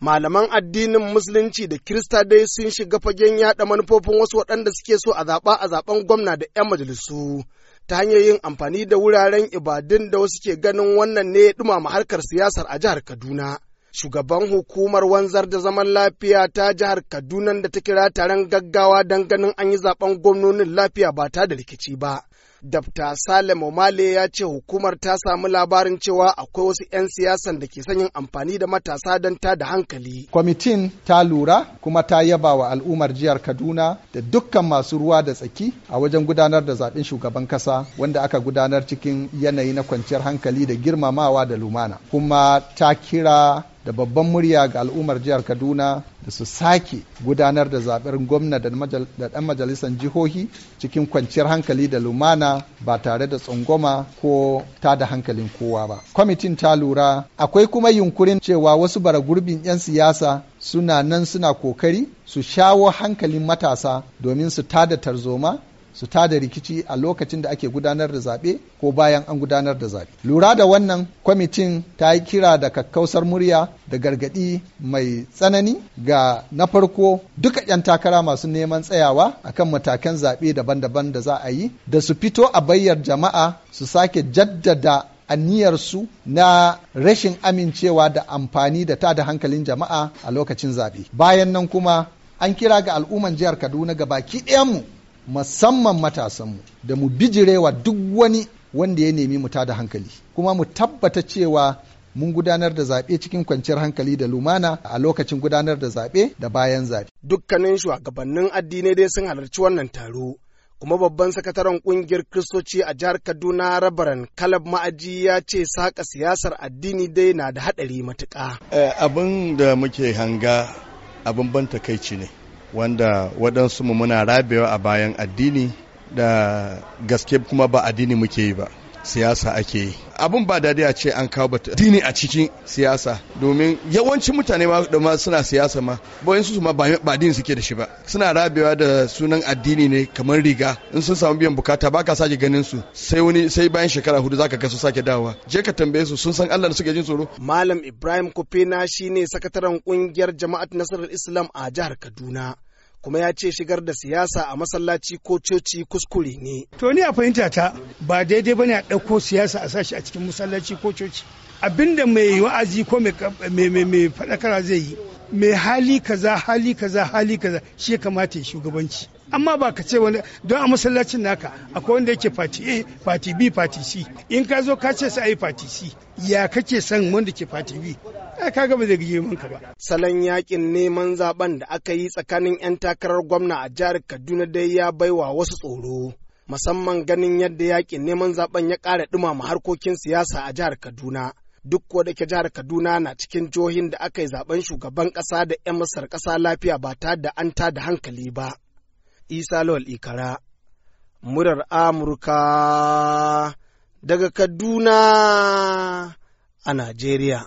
malaman addinin musulunci da kirista dai sun shiga fagen yaɗa manufofin wasu waɗanda suke so a zaɓa a zaɓen gwamna da 'yan majalisu ta hanyar yin amfani da wuraren ibadun da wasu ke ganin wannan ne ya ɗumama harkar siyasar a jihar kaduna shugaban hukumar wanzar da zaman lafiya ta jihar kaduna da ta kira taron gaggawa don ganin an yi zaɓen gwamnonin lafiya ba ta da rikici ba Dr. Salem Omale ya ce hukumar ta samu labarin cewa akwai wasu 'yan siyasan da ke sanyin amfani da matasa don ta da hankali. Kwamitin ta lura kuma ta yaba wa al'ummar jihar Kaduna da dukkan masu ruwa da tsaki a wajen gudanar da zaɓen shugaban kasa wanda aka gudanar cikin yanayi na kwanciyar hankali da girmamawa da lumana. Kuma ta kira da babban murya ga al'ummar jihar kaduna da su sake gudanar da zaɓen gwamna da ɗan majalisar jihohi cikin kwanciyar hankali da lumana ba tare da tsangwama ko ta da hankalin kowa ba kwamitin ta lura akwai kuma yunkurin cewa wasu bara gurbin 'yan siyasa suna nan suna kokari su shawo hankalin matasa domin su tada tarzoma su tada rikici a lokacin da ake gudanar da zaɓe ko bayan an gudanar da zaɓe. Lura da wannan kwamitin ta yi kira da kakkausar murya da gargaɗi mai tsanani ga na farko duka 'yan takara masu neman tsayawa a kan matakan zaɓe daban-daban da za a yi da su fito a bayyar jama'a su sake jaddada aniyarsu na rashin amincewa da amfani da ta da hankalin jama'a a lokacin zaɓe. Bayan nan kuma an kira ga al'umman jihar Kaduna ga baki ɗayan mu. musamman matasanmu da mu bijirewa duk wani wanda ya nemi mu da hankali kuma mu tabbata cewa mun gudanar da zaɓe cikin kwanciyar hankali da lumana a lokacin gudanar da zaɓe da bayan zaɓe. Dukkanin shugabannin addinai dai sun halarci wannan taro. kuma babban sakataren kungiyar kristoci a jihar kaduna rabaran kalab ma'aji ya ce saka siyasar addini dai na da haɗari matuƙa. Eh, abin da muke hanga abin ban takaici ne wanda waɗansu mu muna rabewa a bayan addini da gaske kuma ba addini muke yi ba siyasa ake yi abun ba daɗi a ce an kawo bata dini a cikin siyasa domin yawancin mutane ma da ma suna siyasa ma bayan su ma ba dini suke da shi ba suna rabewa da sunan addini ne kamar riga in sun samu biyan bukata ba ka sake ganin su sai wani sai bayan shekara hudu zaka ga su sake dawowa je ka tambaye su sun san Allah da suke jin tsoro malam Ibrahim shi shine sakataren kungiyar Jama'at Nasarar Islam a jihar Kaduna kuma ya ce shigar da siyasa a masallaci ko coci kuskure ne. To ni a fahimta ta ba daidai ba ne a ɗauko siyasa a sashi a cikin masallaci ko coci. Abinda mai wa'azi ko mai faɗakara zai yi mai hali kaza hali kaza hali kaza shi kamata ya shugabanci. amma ba ka ce wani don a masallacin naka akwai wanda yake fati A fati B fati C in ka zo ka ce sai ayi fati C ya kake son wanda ke fati B ai kaga ba zai gaje manka ba salon yakin neman zaben da aka yi tsakanin yan takarar gwamna a jihar Kaduna dai ya baiwa wasu tsoro musamman ganin yadda yakin neman zaben ya ƙara dumama harkokin siyasa a jihar Kaduna duk wadda ke jihar Kaduna na cikin jihohin da aka yi zaben shugaban ƙasa da 'yan masar ƙasa lafiya ba ta da an ta da hankali ba. Isa Lawal Ikara, murar Amurka daga Kaduna a Najeriya.